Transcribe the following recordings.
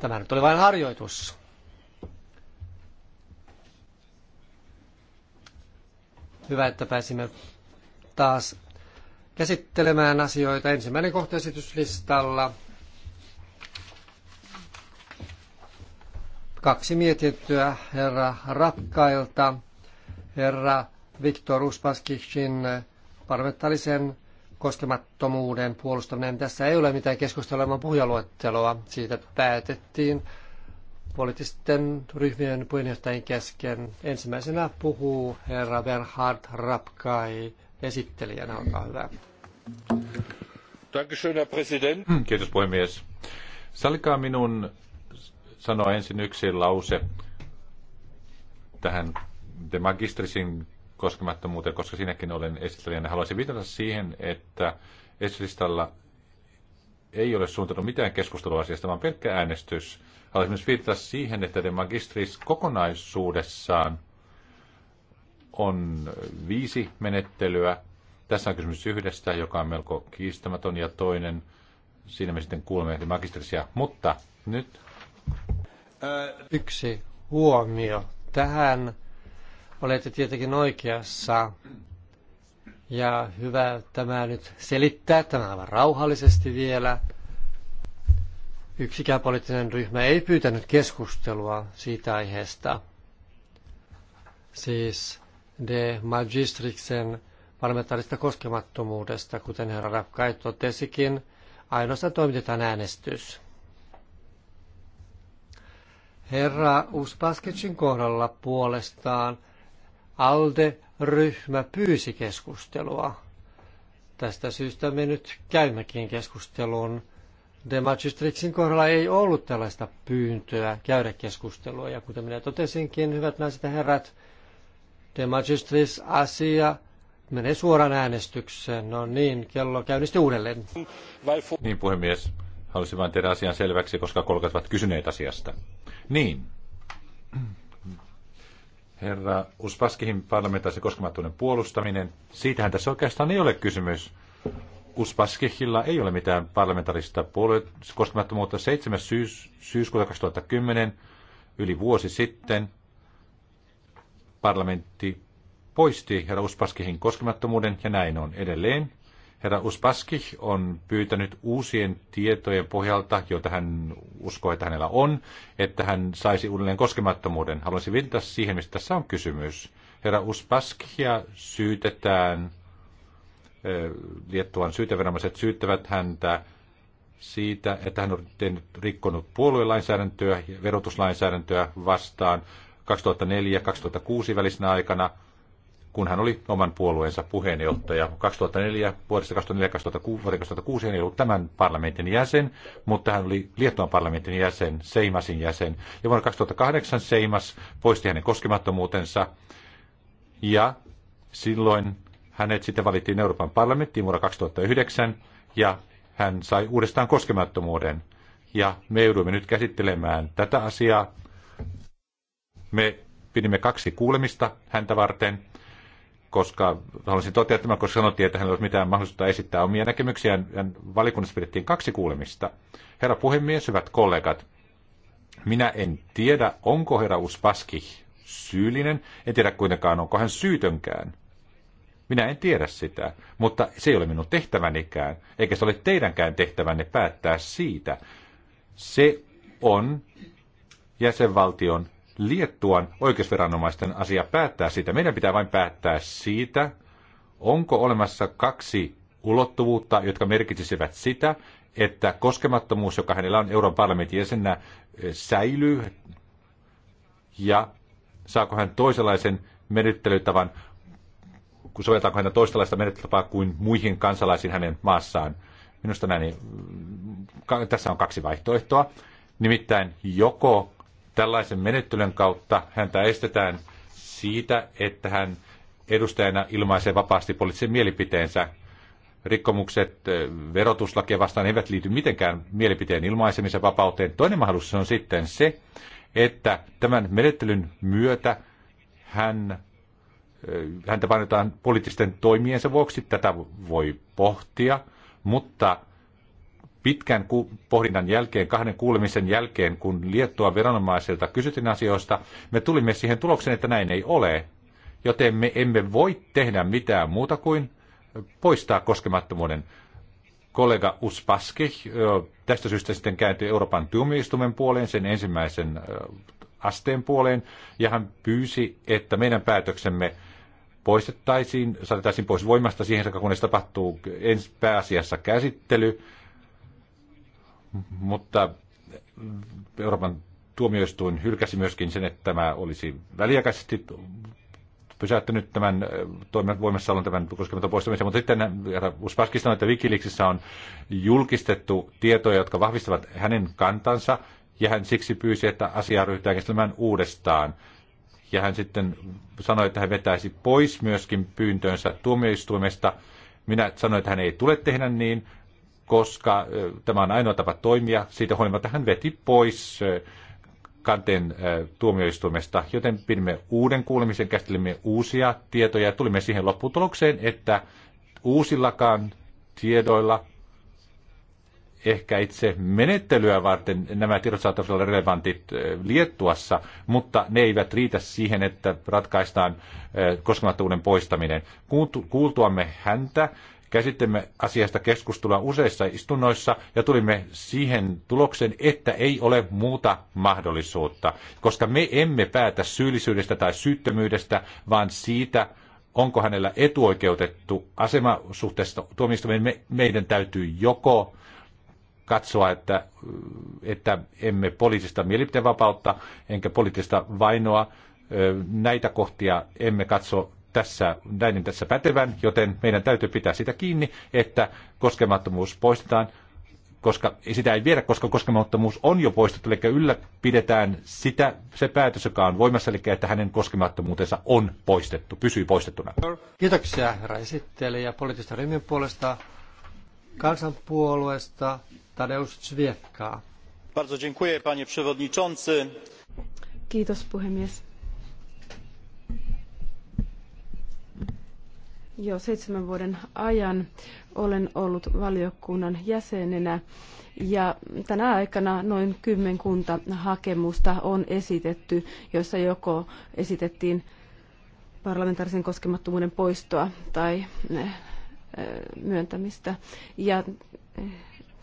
Tämä nyt oli vain harjoitus. Hyvä, että pääsimme taas käsittelemään asioita. Ensimmäinen kohtaesityslistalla kaksi mietintöä herra Rapkailta, herra Viktor Uspaskichin parlamentaarisen koskemattomuuden puolustaminen. Tässä ei ole mitään keskustelemaan puhujaluetteloa. Siitä päätettiin poliittisten ryhmien puheenjohtajien kesken. Ensimmäisenä puhuu herra Bernhard Rapkai esittelijänä. Olkaa hyvä. Hmm, kiitos puhemies. Salkaa minun sanoa ensin yksi lause tähän De Magistrisin koskemattomuuteen, koska sinäkin olen esittelijänä. Haluaisin viitata siihen, että esilistalla ei ole suuntanut mitään keskustelua asiasta, vaan pelkkä äänestys. Haluaisin myös viitata siihen, että de magistris kokonaisuudessaan on viisi menettelyä. Tässä on kysymys yhdestä, joka on melko kiistämätön, ja toinen, siinä me sitten kuulemme de magistrisia. Mutta nyt... Yksi huomio tähän Olette tietenkin oikeassa. Ja hyvä tämä nyt selittää tämä aivan rauhallisesti vielä. Yksikään poliittinen ryhmä ei pyytänyt keskustelua siitä aiheesta. Siis de magistriksen parlamentaarista koskemattomuudesta, kuten herra Rapkai totesikin, ainoastaan toimitetaan äänestys. Herra Uspaskicin kohdalla puolestaan ALDE-ryhmä pyysi keskustelua. Tästä syystä me nyt käymmekin keskustelun. Demagistrixin kohdalla ei ollut tällaista pyyntöä käydä keskustelua, ja kuten minä totesinkin, hyvät naiset ja herrat, Demagistris-asia menee suoraan äänestykseen. No niin, kello käynnisti uudelleen. Niin, puhemies. Halusin vain tehdä asian selväksi, koska kolkat ovat kysyneet asiasta. Niin. Herra Uspaskihin parlamentaarisen koskemattomuuden puolustaminen, siitähän tässä oikeastaan ei ole kysymys. Uspaskihilla ei ole mitään parlamentaarista koskemattomuutta. 7. Syys, syyskuuta 2010, yli vuosi sitten, parlamentti poisti herra Uspaskihin koskemattomuuden ja näin on edelleen. Herra Uspaskich on pyytänyt uusien tietojen pohjalta, joita hän uskoo, että hänellä on, että hän saisi uudelleen koskemattomuuden. Haluaisin viitata siihen, mistä tässä on kysymys. Herra Uspaskichia syytetään, Liettuan syyteviranomaiset syyttävät häntä siitä, että hän on tehnyt, rikkonut puoluelainsäädäntöä ja verotuslainsäädäntöä vastaan 2004-2006 välisenä aikana – kun hän oli oman puolueensa puheenjohtaja. 2004, vuodesta 2004 2006, vuoteen 2006 hän ei ollut tämän parlamentin jäsen, mutta hän oli Liettuan parlamentin jäsen, Seimasin jäsen. Ja vuonna 2008 Seimas poisti hänen koskemattomuutensa ja silloin hänet sitten valittiin Euroopan parlamenttiin vuonna 2009 ja hän sai uudestaan koskemattomuuden. Ja me joudumme nyt käsittelemään tätä asiaa. Me pidimme kaksi kuulemista häntä varten koska haluaisin totea tämän, koska sanottiin, että hänellä olisi mitään mahdollisuutta esittää omia näkemyksiään. Valikunnassa pidettiin kaksi kuulemista. Herra puhemies, hyvät kollegat, minä en tiedä, onko herra Uspaski syyllinen. En tiedä kuitenkaan, onko hän syytönkään. Minä en tiedä sitä, mutta se ei ole minun tehtävänikään, eikä se ole teidänkään tehtävänne päättää siitä. Se on jäsenvaltion Liettuan oikeusviranomaisten asia päättää siitä. Meidän pitää vain päättää siitä, onko olemassa kaksi ulottuvuutta, jotka merkitsisivät sitä, että koskemattomuus, joka hänellä on Euroopan parlamentin jäsenä, eh, säilyy ja saako hän toisenlaisen menettelytavan, kun sovelletaanko hän toisenlaista menettelytapaa kuin muihin kansalaisiin hänen maassaan. Minusta näin, niin, tässä on kaksi vaihtoehtoa. Nimittäin joko Tällaisen menettelyn kautta häntä estetään siitä, että hän edustajana ilmaisee vapaasti poliittisen mielipiteensä. Rikkomukset verotuslakia vastaan eivät liity mitenkään mielipiteen ilmaisemisen vapauteen. Toinen mahdollisuus on sitten se, että tämän menettelyn myötä hän, häntä painetaan poliittisten toimiensa vuoksi. Tätä voi pohtia, mutta pitkän pohdinnan jälkeen, kahden kuulemisen jälkeen, kun Liettua viranomaisilta kysytin asioista, me tulimme siihen tulokseen, että näin ei ole. Joten me emme voi tehdä mitään muuta kuin poistaa koskemattomuuden. Kollega Uspaski tästä syystä sitten kääntyi Euroopan tuomioistuimen puoleen, sen ensimmäisen asteen puoleen, ja hän pyysi, että meidän päätöksemme poistettaisiin, saatettaisiin pois voimasta siihen saakka, kunnes tapahtuu ensi pääasiassa käsittely, mutta Euroopan tuomioistuin hylkäsi myöskin sen, että tämä olisi väliaikaisesti pysäyttänyt tämän toimen voimassaolon tämän koskematon poistamisen, mutta sitten Uspaski sanoi, että Wikileaksissa on julkistettu tietoja, jotka vahvistavat hänen kantansa, ja hän siksi pyysi, että asiaa ryhtyy käsittelemään uudestaan. Ja hän sitten sanoi, että hän vetäisi pois myöskin pyyntöönsä tuomioistuimesta. Minä sanoin, että hän ei tule tehdä niin, koska tämä on ainoa tapa toimia. Siitä huolimatta hän veti pois kanteen tuomioistuimesta, joten pidimme uuden kuulemisen, käsittelimme uusia tietoja ja tulimme siihen lopputulokseen, että uusillakaan tiedoilla ehkä itse menettelyä varten nämä tiedot saattavat olla relevantit Liettuassa, mutta ne eivät riitä siihen, että ratkaistaan koskemattomuuden poistaminen. Kuultuamme häntä Käsittelimme asiasta keskustelua useissa istunnoissa ja tulimme siihen tulokseen, että ei ole muuta mahdollisuutta, koska me emme päätä syyllisyydestä tai syyttömyydestä, vaan siitä, onko hänellä etuoikeutettu asema suhteessa tuomioistuimeen. Me, meidän täytyy joko katsoa, että, että emme poliittista mielipiteenvapautta enkä poliittista vainoa. Näitä kohtia emme katso tässä, näiden tässä pätevän, joten meidän täytyy pitää sitä kiinni, että koskemattomuus poistetaan, koska sitä ei viedä, koska koskemattomuus on jo poistettu, eli ylläpidetään sitä, se päätös, joka on voimassa, eli että hänen koskemattomuutensa on poistettu, pysyy poistettuna. Kiitoksia herra esittelijä poliittista ryhmien puolesta, kansanpuolueesta Tadeusz Zwiefka. Bardzo dziękuję, panie przewodniczący. Kiitos puhemies. jo seitsemän vuoden ajan olen ollut valiokunnan jäsenenä ja tänä aikana noin kymmenkunta hakemusta on esitetty, joissa joko esitettiin parlamentaarisen koskemattomuuden poistoa tai eh, eh, myöntämistä. Ja eh,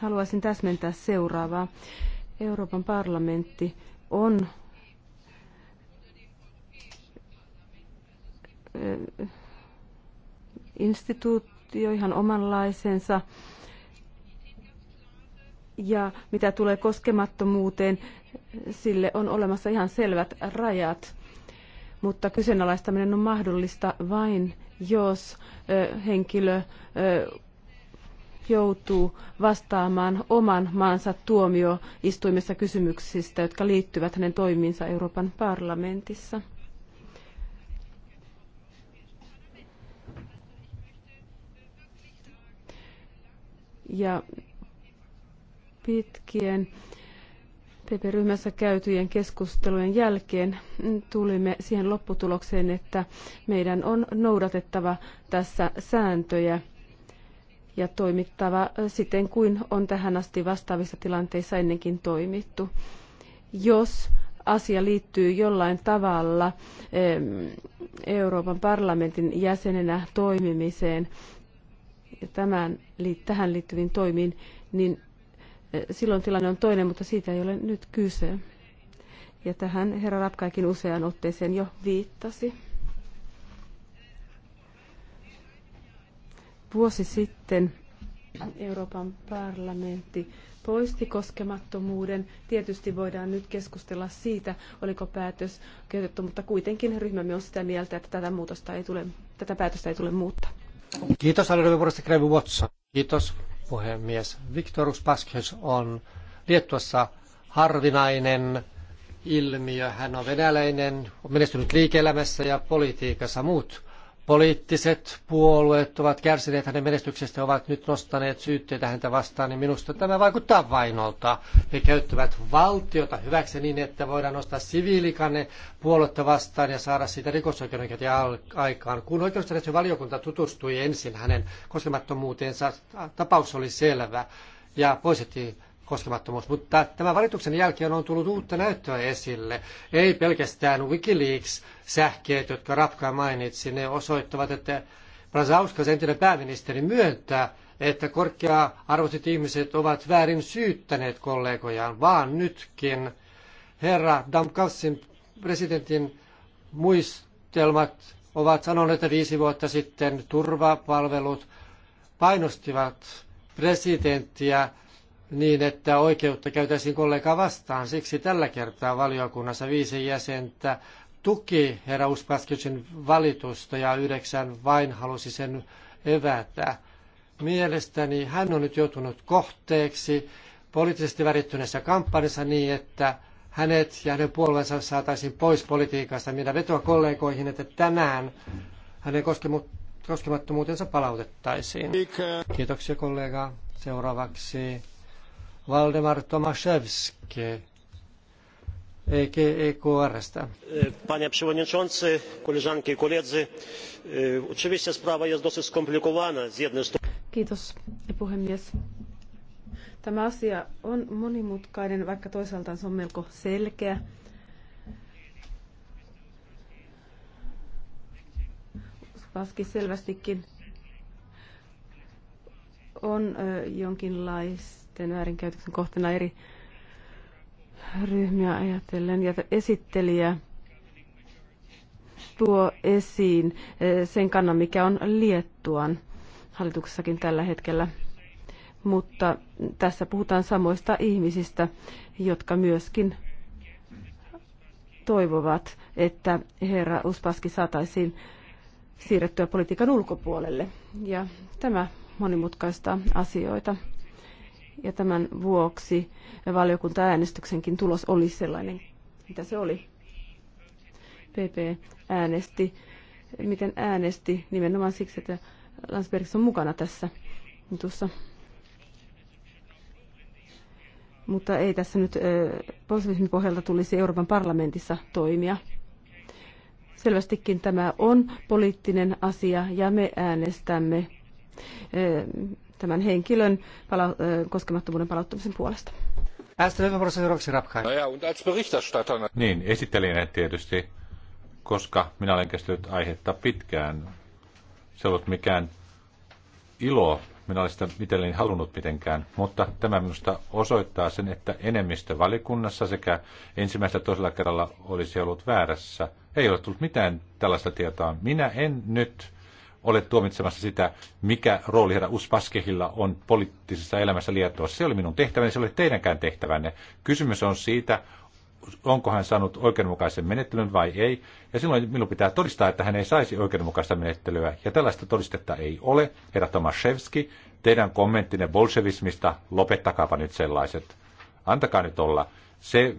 haluaisin täsmentää seuraavaa. Euroopan parlamentti on instituutio ihan omanlaisensa. Ja mitä tulee koskemattomuuteen, sille on olemassa ihan selvät rajat. Mutta kyseenalaistaminen on mahdollista vain, jos henkilö joutuu vastaamaan oman maansa tuomioistuimessa kysymyksistä, jotka liittyvät hänen toimiinsa Euroopan parlamentissa. ja pitkien PP-ryhmässä käytyjen keskustelujen jälkeen tulimme siihen lopputulokseen, että meidän on noudatettava tässä sääntöjä ja toimittava siten kuin on tähän asti vastaavissa tilanteissa ennenkin toimittu. Jos asia liittyy jollain tavalla Euroopan parlamentin jäsenenä toimimiseen, tämän, tähän liittyviin toimiin, niin e, silloin tilanne on toinen, mutta siitä ei ole nyt kyse. Ja tähän herra Rapkaikin useaan otteeseen jo viittasi. Vuosi sitten Euroopan parlamentti poisti koskemattomuuden. Tietysti voidaan nyt keskustella siitä, oliko päätös käytetty, mutta kuitenkin ryhmämme on sitä mieltä, että tätä, muutosta ei tule, tätä päätöstä ei tule muuttaa. Kiitos, aliryhmävuorosta Krevi Watson. Kiitos, puhemies. Viktor Uspaskes on Liettuassa harvinainen ilmiö. Hän on venäläinen, on menestynyt liike-elämässä ja politiikassa. Muut poliittiset puolueet ovat kärsineet hänen menestyksestä, ovat nyt nostaneet syytteitä häntä vastaan, niin minusta tämä vaikuttaa vainolta. He käyttävät valtiota hyväksi niin, että voidaan nostaa siviilikanne puoluetta vastaan ja saada siitä rikosoikeudenkäyntiä aikaan. Kun oikeusjärjestön valiokunta tutustui ensin hänen koskemattomuuteensa, tapaus oli selvä ja poistettiin koskemattomuus, mutta tämän valituksen jälkeen on tullut uutta näyttöä esille. Ei pelkästään Wikileaks-sähkeet, jotka Rapka mainitsi, ne osoittavat, että Brazauskas entinen pääministeri myöntää, että korkea-arvoiset ihmiset ovat väärin syyttäneet kollegojaan, vaan nytkin herra Damkassin presidentin muistelmat ovat sanoneet, että viisi vuotta sitten turvapalvelut painostivat presidenttiä niin, että oikeutta käytäisiin kollegaa vastaan. Siksi tällä kertaa valiokunnassa viisi jäsentä tuki herra Uspaskicin valitusta ja yhdeksän vain halusi sen evätä. Mielestäni hän on nyt joutunut kohteeksi poliittisesti värittyneessä kampanjassa niin, että hänet ja hänen puolueensa saataisiin pois politiikasta. Minä vetoan kollegoihin, että tänään hänen koskemattomuutensa palautettaisiin. Kiitoksia kollega. Seuraavaksi Valdemar Tomaszewski EKRstä. Panie przewodniczący, koleżanki i koledzy. E, oczywiście sprawa jest dosyć skomplikowana z jednej strony. Kiitos puhemies. Tämä asia on monimutkainen, vaikka toisaalta se on melko selkeä. Paski selvästikin on jonkinlaista sitten väärinkäytöksen kohteena eri ryhmiä ajatellen. Ja esittelijä tuo esiin eh, sen kannan, mikä on Liettuan hallituksessakin tällä hetkellä. Mutta tässä puhutaan samoista ihmisistä, jotka myöskin toivovat, että herra Uspaski saataisiin siirrettyä politiikan ulkopuolelle. Ja tämä monimutkaista asioita ja tämän vuoksi valiokunta-äänestyksenkin tulos oli sellainen, mitä se oli. PP äänesti, miten äänesti nimenomaan siksi, että Landsbergs on mukana tässä Tuossa. Mutta ei tässä nyt positiivismin pohjalta tulisi Euroopan parlamentissa toimia. Selvästikin tämä on poliittinen asia ja me äänestämme tämän henkilön pala- koskemattomuuden palauttamisen puolesta. Niin, esittelijänä tietysti, koska minä olen kestänyt aihetta pitkään. Se ei ollut mikään ilo, minä olen sitä itselleni halunnut mitenkään, mutta tämä minusta osoittaa sen, että enemmistö valikunnassa sekä ensimmäistä toisella kerralla olisi ollut väärässä. Ei ole tullut mitään tällaista tietoa. Minä en nyt ole tuomitsemassa sitä, mikä rooli herra Uspaskehilla on poliittisessa elämässä Liettuassa. Se oli minun tehtäväni, se oli teidänkään tehtävänne. Kysymys on siitä, onko hän saanut oikeudenmukaisen menettelyn vai ei. Ja silloin minun pitää todistaa, että hän ei saisi oikeudenmukaista menettelyä. Ja tällaista todistetta ei ole. Herra Tomaszewski, teidän kommenttinne bolshevismista, lopettakaapa nyt sellaiset. Antakaa nyt olla. Se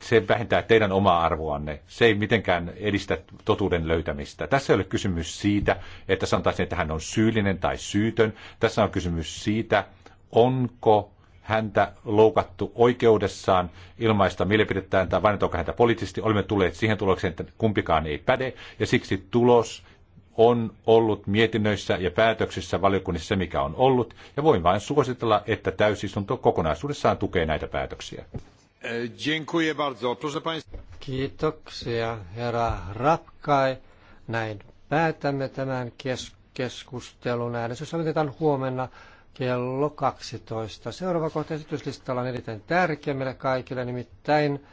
se vähentää teidän omaa arvoanne. Se ei mitenkään edistä totuuden löytämistä. Tässä ei ole kysymys siitä, että sanotaan, että hän on syyllinen tai syytön. Tässä on kysymys siitä, onko häntä loukattu oikeudessaan ilmaista mielipidettään tai vainotaanko häntä poliittisesti. Olemme tulleet siihen tulokseen, että kumpikaan ei päde ja siksi tulos on ollut mietinnöissä ja päätöksissä valiokunnissa se, mikä on ollut, ja voin vain suositella, että täysistunto kokonaisuudessaan tukee näitä päätöksiä. E, Kiitoksia, herra Rapkai. Näin päätämme tämän kes- keskustelun. Äänestys aloitetaan huomenna kello 12. Seuraava kohta esityslistalla on erittäin tärkeä meille kaikille, nimittäin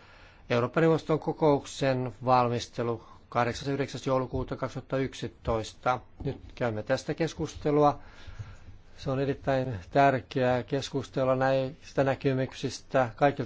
Euroopan neuvoston kokouksen valmistelu 8. joulukuuta 2011. Nyt käymme tästä keskustelua. Se on erittäin tärkeää keskustella näistä näkemyksistä kaikilta